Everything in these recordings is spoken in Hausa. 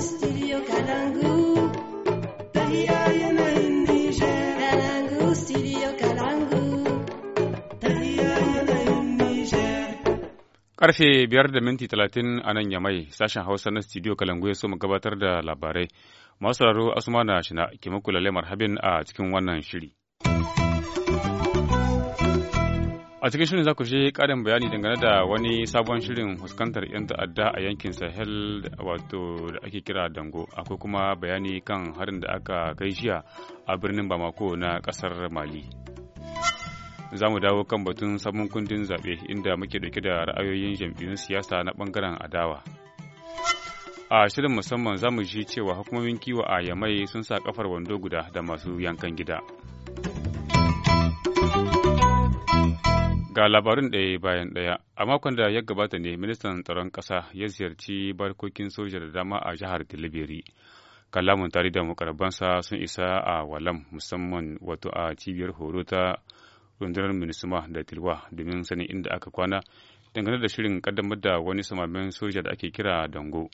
studio Karfe biyar da minti talatin a nan Yamai, sashen Hausa na studio Kalangu ya so mu gabatar da labarai. Masu sauraro Asuma na shina ke muku lalemar habin a cikin wannan shiri. A cikin shirin za ku je ƙarin bayani dangane da wani sabon shirin fuskantar 'yan ta'adda a yankin Sahel wato da ake kira Dango. Akwai kuma bayani kan harin da aka kai jiya a birnin Bamako na ƙasar Mali. Za mu dawo kan batun sabon kundin zaɓe inda muke ɗauke da ra'ayoyin jam'iyyun siyasa na ɓangaren adawa. A shirin musamman za mu ji cewa hukumomin kiwo a Yamai sun sa kafar wando guda da masu yankan gida. Ga labarin ɗaya bayan ɗaya, a makon da ya gabata ne ministan tsaron ƙasa ya ziyarci barkokin soja da dama a jihar Tilibiri. Kalamun tare da mukarbansa sun isa a Walam musamman wato a cibiyar horo ta rundunar Minisuma da Tilwa domin sanin inda aka kwana dangane da shirin kaddamar da wani samamin soja da ake kira Dango.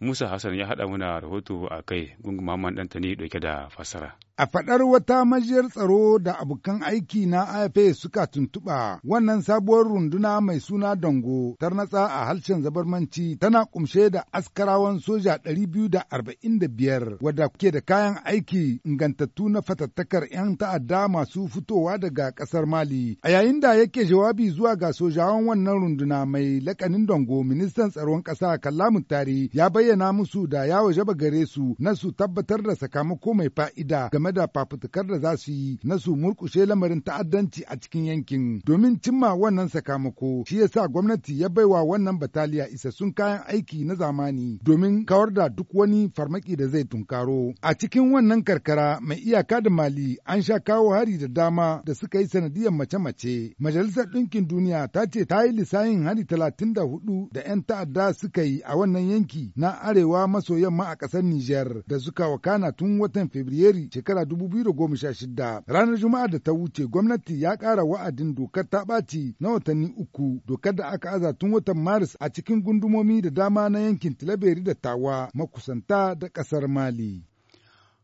Musa Hassan ya haɗa muna rahoto a kai gungun Muhammad Dantani dauke da fassara. A faɗar wata majiyar tsaro da abokan aiki na AFA suka tuntuɓa wannan sabuwar runduna mai suna Dango natsa a harshen zabarmanci tana kumshe da askarawan soja 245 wadda ke da kayan aiki ingantattu na fatattakar 'yan ta'adda masu fitowa daga ƙasar Mali. A yayin da yake jawabi zuwa ga sojawan wannan runduna mai lakanin Dango ministan tsaron ƙasa Kalamu Tari ya bayyana musu da ya waje gare su na su tabbatar da sakamako mai fa'ida game game da fafutukar da za su yi na su murkushe lamarin ta'addanci a cikin yankin domin cimma wannan sakamako shi yasa gwamnati ya baiwa wannan bataliya isassun kayan aiki na zamani domin kawar da duk wani farmaki da zai tunkaro a cikin wannan karkara mai iyaka da mali an sha kawo hari da dama da suka yi sanadiyar mace-mace majalisar ɗinkin duniya ta ce ta yi lisayin hari talatin da hudu da 'yan ta'adda suka yi a wannan yanki na arewa maso yamma a ƙasar niger da suka wakana tun watan Fabrairu shekara shekara 2016 ranar Juma'a da ta wuce gwamnati ya ƙara wa'adin dokar ta ɓaci na watanni uku dokar da aka aza tun watan Maris a cikin gundumomi da dama na yankin Tilaberi da Tawa makusanta da ƙasar Mali.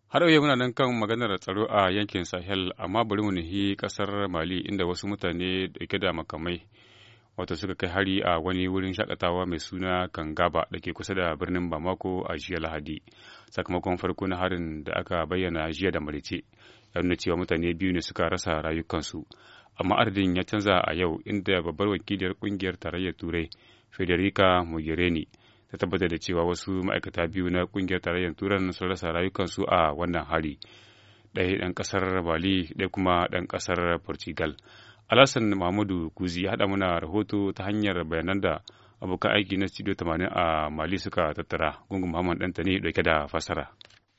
Har yau muna nan kan maganar tsaro a yankin Sahel amma bari mu nuhi ƙasar Mali inda wasu mutane da da makamai wata suka kai hari a wani wurin shakatawa mai suna kangaba da ke kusa da birnin bamako a jiya lahadi sakamakon farko na harin da aka bayyana jiya da marice ya nuna cewa mutane biyu ne suka rasa rayukansu amma ardin ya canza a yau inda babbar wakiliyar kungiyar tarayyar turai federica mogherini ta tabbatar da cewa wasu ma'aikata biyu na kungiyar tarayyar turan sun rasa rayukansu a wannan hari ɗaya ɗan ƙasar bali ɗaya kuma ɗan ƙasar portugal Alhassan Muhammadu Kuzi ya haɗa mana rahoto ta hanyar bayanan da abokan aiki na Studio 80 a Mali suka tattara gungun Muhammad ne ɗauke da fasara.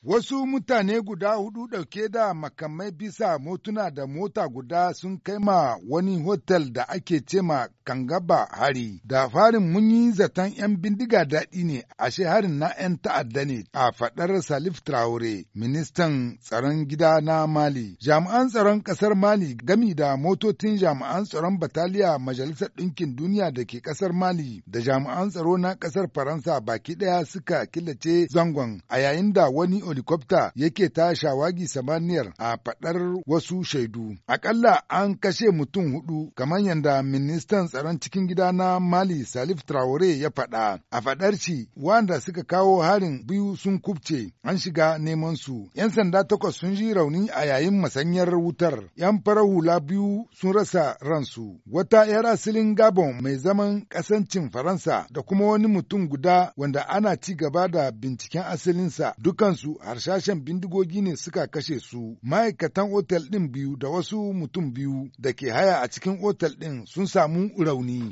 Wasu mutane guda hudu ɗauke da makamai bisa motuna da mota guda sun kai ma wani hotel da ake ce ma Kangaba hari. Da farin mun yi zaton 'yan bindiga daɗi ne, a harin na 'yan ta'adda ne a faɗar Salif Traore, ministan tsaron gida na Mali. Jami'an tsaron ƙasar Mali gami da motocin jami'an tsaron Bataliya Majalisar Ɗinkin Duniya da ke ƙasar Mali da jami'an tsaro na ƙasar Faransa baki ɗaya suka killace zangon a yayin da wani holikwafta yake ta shawagi samaniyar a faɗar wasu shaidu. Akalla an kashe mutum hudu kamar yadda ministan tsaron cikin gida na Mali Salif Traore ya faɗa. A faɗar shi wanda suka kawo harin biyu sun kubce an shiga neman su. 'Yan sanda takwas sun ji rauni a yayin masanyar wutar. 'Yan farar hula biyu sun rasa ransu. Wata 'yar asalin Gabon mai zaman kasancin Faransa da kuma wani mutum guda wanda ana ci gaba da binciken asalinsa dukansu harsashen bindigogi ne suka kashe su ma'aikatan otal ɗin biyu da wasu mutum biyu da ke haya a cikin otal ɗin sun samu rauni.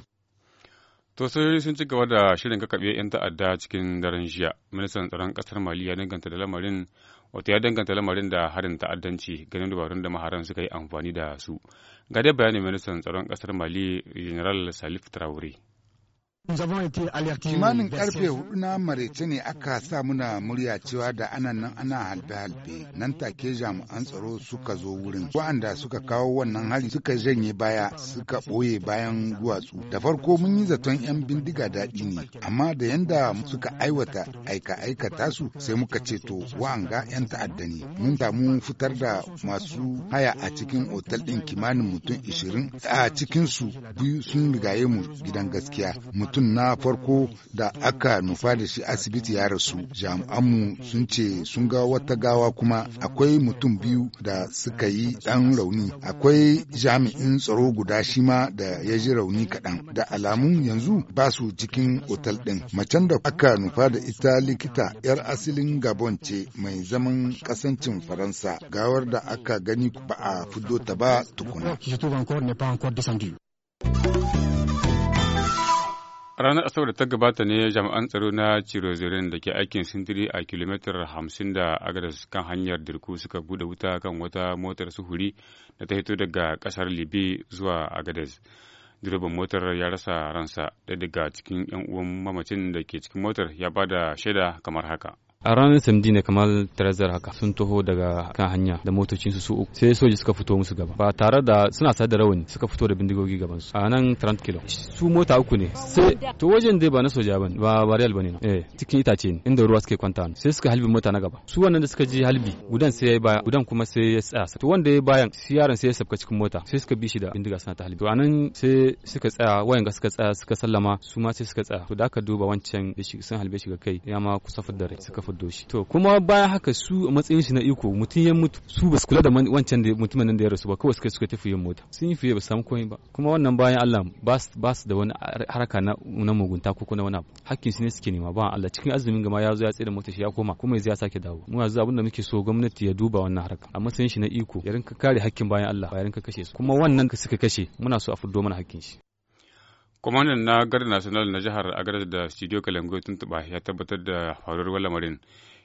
To sun ci gaba da shirin kakaɓe 'yan ta'adda cikin daren jiya. Ministan tsaron ƙasar Mali ya danganta da lamarin wato ya danganta lamarin da harin ta'addanci ganin dubarun da maharan suka yi amfani da su. Ga dai bayanin ministan tsaron ƙasar Mali General Salif Traore. kimanin karfe hudu na maraice ne aka sa muna murya cewa da ana nan ana halbe-halbe nan take jami'an tsaro suka zo wurin wa'anda suka kawo wannan hari suka janye baya suka ɓoye bayan duwatsu da farko mun yi zaton 'yan bindiga daɗi ne amma da yanda suka aiwata aika-aikata su sai muka ce to wa'anga 'yan ta'adda ne mun samu fitar da masu haya a cikin otal ɗin kimanin mutum 20 a cikin su biyu sun rigaye mu gidan gaskiya mutum na farko da aka nufa da shi asibiti ya rasu jami'anmu sun ce sun ga wata gawa kuma akwai mutum biyu da suka yi dan rauni akwai jami'in tsaro guda shi ma da ya ji rauni kaɗan da alamun yanzu ba su cikin otal ɗin macen da aka nufa da ita likita 'yar asalin gabon ce mai zaman kasancin faransa gawar da aka gani ba a fito ta ba tukuna. ranar Asabar da ta gabata ne jami'an tsaro na Cirozirin da ke aikin sintiri a kilomitar hamsin da agadas kan hanyar Dirku suka bude wuta kan wata motar suhuri da ta hito daga kasar Libi zuwa agadas. Direban motar ya rasa ransa ɗaya daga cikin 'yan uwan mamacin da ke cikin motar ya bada shaida kamar haka. a ranar samdi ne kamar tarazar haka sun taho daga kan hanya da motocin su su uku sai soji suka fito musu gaba ba tare da suna sa da rawani suka fito da bindigogi gaban su a nan 30 kilo su mota uku ne sai to wajen dai ba na soja bane ba bariyal bane eh cikin itace ne inda ruwa suke kwanta sai suka halbi mota na gaba su wannan da suka ji halbi gudan sai ya baya gudan kuma sai ya tsaya to wanda ya bayan shi yaron sai ya sabka cikin mota sai suka bi shi da bindiga suna ta halbi to anan sai suka tsaya wayan suka tsaya suka sallama su ma sai suka tsaya to da aka duba wancan sun halbe shi ga kai ya ma kusa fuddare suka fuddo shi to kuma baya haka su a matsayin shi na iko mutum ya mutu su ba su kula da wancan da mutumin nan da ya rasu ba kawai suka suka tafi yin mota sun yi fiye ba samu komai ba kuma wannan bayan Allah ba su da wani haraka na na mugunta ko kuma wani hakkin su ne suke nema ba Allah cikin azumin gama ya zo ya tsaye da mota shi ya koma kuma yanzu ya sake dawo mu yanzu abinda muke so gwamnati ya duba wannan haraka a matsayin shi na iko ya rinka kare hakkin bayan Allah ba ya rinka kashe su kuma wannan suka kashe muna so a fuddo mana hakkin shi kwamandan na gar national na jihar agadar da studio kalango tuntuɓa ya tabbatar da faruwar lamarin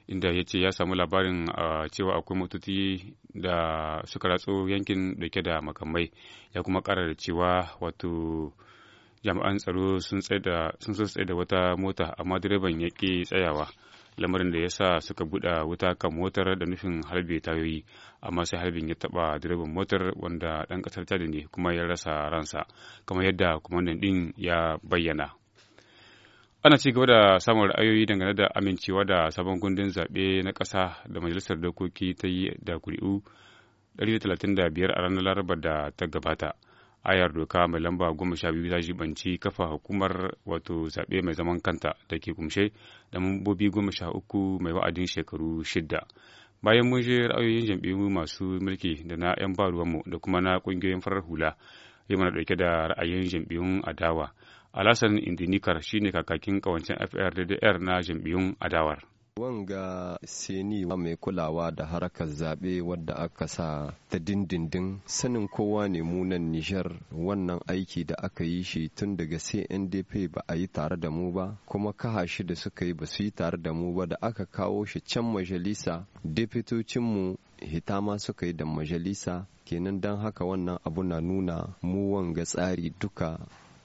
inda ya ce ya samu labarin cewa akwai motoci da suka ratso yankin dauke da makamai ya kuma kara da cewa wato jami'an tsaro sun tsaye da wata mota amma direban ya ke tsayawa lamarin da ya sa suka buɗe wuta kan motar da nufin harbe tayoyi amma sai harbin ya taɓa direban motar wanda ɗan ƙasar ta ne kuma ya rasa ransa kamar yadda kwamandan ɗin ya bayyana ana ci gaba da samun ra'ayoyi dangane da amincewa da sabon gundun zaɓe na ƙasa da majalisar dokoki ta yi da kuri'u 135 a ranar larabar da ta gabata ayar doka mai lamba goma sha biyu ta jibanci kafa hukumar wato zaɓe mai zaman kanta da ke kumshe da mambobi goma sha uku mai wa'adin shekaru shidda bayan mun je ra'ayoyin jam'iyyu masu mulki da na 'yan baruwanmu da kuma na ƙungiyoyin farar hula yi mana ɗauke da ra'ayoyin jam'iyyun adawa alasan indinikar shine kakakin kawancin frddr na jam'iyyun adawar Wanga seni mai kulawa da harkar zaɓe wadda aka sa ta dindindin sanin kowa ne munan Nijar wannan aiki da aka yi shi tun daga CNDP ba a yi tare da mu ba kuma kaha shi da suka yi ba su yi tare da mu ba da aka kawo shi can majalisa mu hita ma suka yi da majalisa kenan don haka wannan abu na nuna mu wanga tsari duka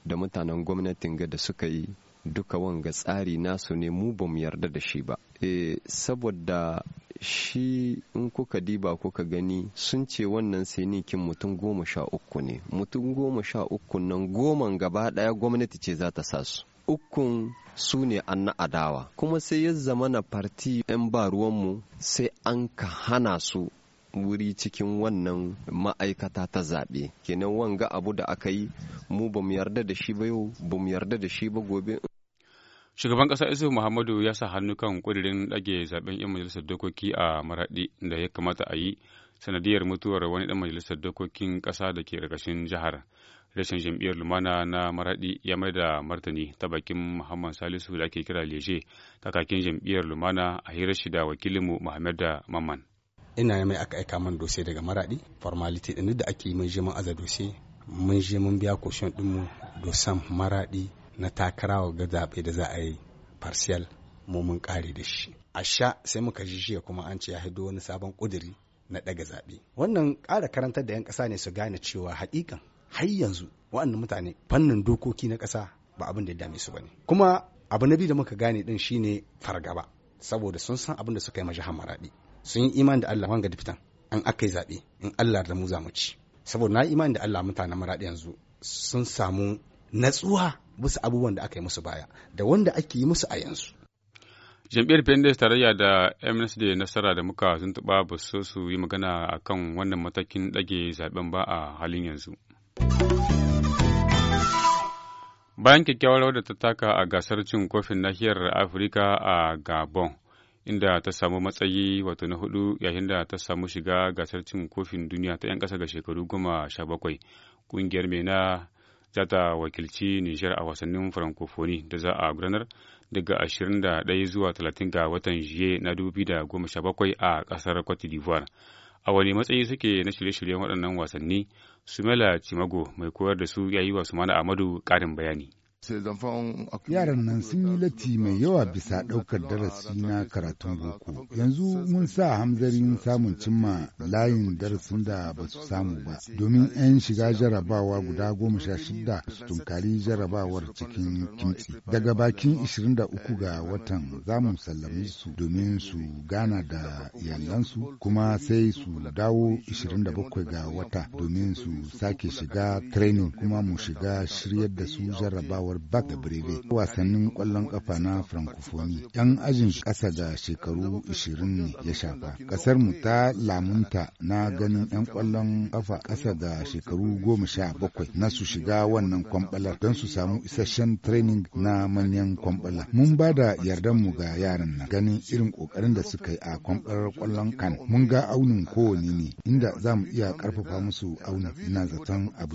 da mutanen gwamnatin ga da suka yi duka wanga tsari nasu ne mu bamu yarda da shi ba Eh, saboda shi in kuka diba kuka gani sun ce wannan kin mutum goma sha uku ne mutum goma sha uku nan goman gaba daya gwamnati ce za ta sa su ukun su ne an na adawa kuma sai ya zama na farti 'yan ba ruwanmu sai an ka hana su wuri cikin wannan ma'aikata ta zaɓe kenan wanga abu da aka yi mu ba mu yarda da shi ba yau ba mu yarda da shi ba gobe Shugaban ƙasa Isu Muhammadu ya sa hannu kan ƙudurin ɗage zaɓen 'yan majalisar dokoki a Maraɗi da ya kamata a yi sanadiyar mutuwar wani ɗan majalisar dokokin ƙasa da ke ƙarƙashin jihar. Rashin jam'iyyar Lumana na Maraɗi ya mai da martani ta bakin Muhammad Salisu da ake kira Leje, kakakin jam'iyyar Lumana a hirar shi da wakilinmu Muhammad da Mamman. Ina mai aka aika man dose daga Maraɗi, formality ɗin da ake yi mai je mun aza dose, mun je mun biya koshin ɗinmu dosan Maraɗi na takara ga zaɓe da za a yi farsiyal mu mun kare da shi a sha sai muka ji jiya kuma an ce ya haido wani sabon ƙuduri na ɗaga zaɓe wannan ƙara karantar da 'yan ƙasa ne su gane cewa haƙiƙan har yanzu waɗannan mutane fannin dokoki na ƙasa ba abin da ya dame su ba ne. kuma abu na biyu da muka gane din shine fargaba saboda sun san abin da suka yi majahar maraɗi sun yi imani da Allah wanga fitan an aka yi zaɓe in Allah da mu za mu ci saboda na imani da Allah mutanen maraɗi yanzu sun samu natsuwa musu abubuwan da aka yi musu baya da wanda ake yi musu a yanzu. jam'iyyar pendes tarayya da msd nasara da muka tuntuɓa ba su su yi magana a kan wannan matakin ɗage zaben ba a halin yanzu bayan kyakkyawar rawar da ta taka a gasar cin kofin nahiyar afirka a gabon inda ta samu matsayi wato na hudu yayin da ta samu shiga gasar cin kofin duniya ta 'yan ƙasa ga shekaru goma sha bakwai ƙungiyar mai na za ta wakilci Nijar a wasannin Francophonie da za a gudanar daga 21 zuwa 30 ga watan Juye na 2017 a ƙasar Cote d'Ivoire. A wani matsayi suke na shirye-shiryen waɗannan wasanni, Sumela Cimago mai koyar da su yayi wa Sumana Amadu ƙarin bayani. Yaran nan sun yi latti mai yawa bisa ɗaukar darasi na karatun boko. Yanzu mun sa hamzarin samun cimma layin darasin da ba su samu ba, domin 'yan shiga jarabawa guda goma sha shida su tunkari jarabawar cikin kimtsi. Daga bakin 23 ga watan za mu sallame su domin su gana da yallansu, kuma sai su dawo 27 ga wata domin su sake shiga training kuma mu shiga shiryar da su jarabawar haɗawar Bak da Breve wasannin kwallon kafa na Francophonie. 'Yan ajin ƙasa da shekaru 20 ne ya shafa. Ƙasar mu ta lamunta na ganin 'yan kwallon ƙafa ƙasa da shekaru 17 na su shiga wannan kwamɓalar don su samu isasshen training na manyan kwambala Mun ba da mu ga yaran nan ganin irin kokarin da suka yi a kwambalar kwallon kan. Mun ga aunin kowane ne inda za mu iya karfafa musu aunin ina zaton abu